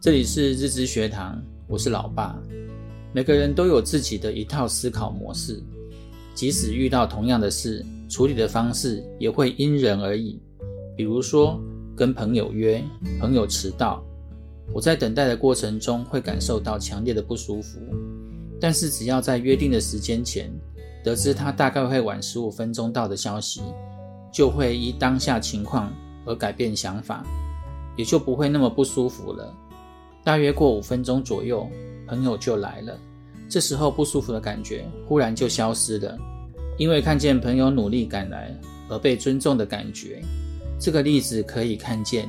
這裡是日知學堂，我是老爸。每個人都有自己的一套思考模式，即使遇到同樣的事，處理的方式也會因人而異。比如說，跟朋友約，朋友遲到，我在等待的過程中會感受到強烈的不舒服。但是，只要在約定的時間前得知他大概會晚十五分鐘到的消息，就會依當下情況而改變想法，也就不會那麼不舒服了。大約過五分鐘左右，朋友就來了。這時候不舒服的感覺忽然就消失了，因為看見朋友努力趕來而被尊重的感覺。這個例子可以看見，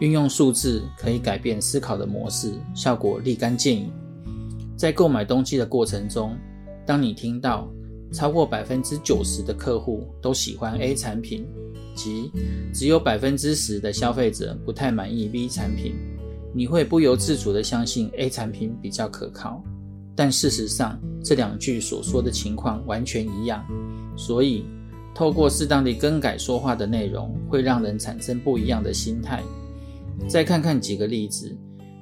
運用數字可以改變思考的模式，效果立竿見影。在購買東西的過程中，當你聽到超過百分之九十的客戶都喜歡 A 產品，即只有百分之十的消費者不太滿意 B 產品。你會不由自主地相信 A 產品比較可靠，但事實上這兩句所說的情況完全一樣，所以透過適當的更改說話的內容，會讓人產生不一樣的心態。再看看幾個例子，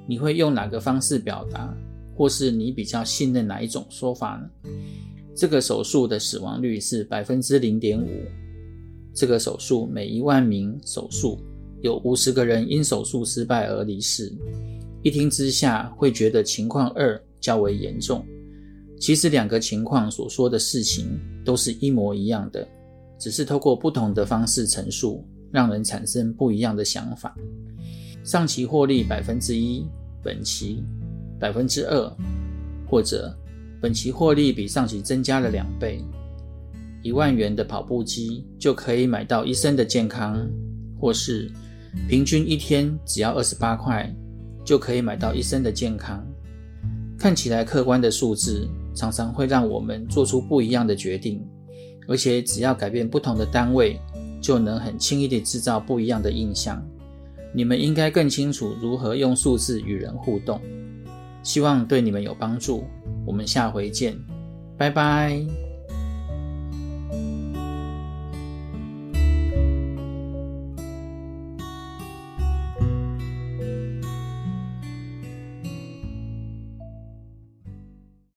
你會用哪個方式表達，或是你比較信任哪一種說法呢？這個手術的死亡率是百分之零點五，這個手術每一萬名手術。有五十個人因手術失敗而離世，一聽之下會覺得情況二較為嚴重。其實兩個情況所說的事情都是一模一樣的，只是透過不同的方式陳述，讓人產生不一樣的想法。上期獲利百分之一，本期百分之二，或者本期獲利比上期增加了兩倍。一萬元的跑步機就可以買到一生的健康，或是。平均一天只要二十八塊，就可以買到一生的健康。看起來客觀的數字，常常會讓我們做出不一樣的決定。而且只要改變不同的單位，就能很輕易地制造不一樣的印象。你們應該更清楚如何用數字與人互動。希望對你們有幫助。我們下回見，拜拜。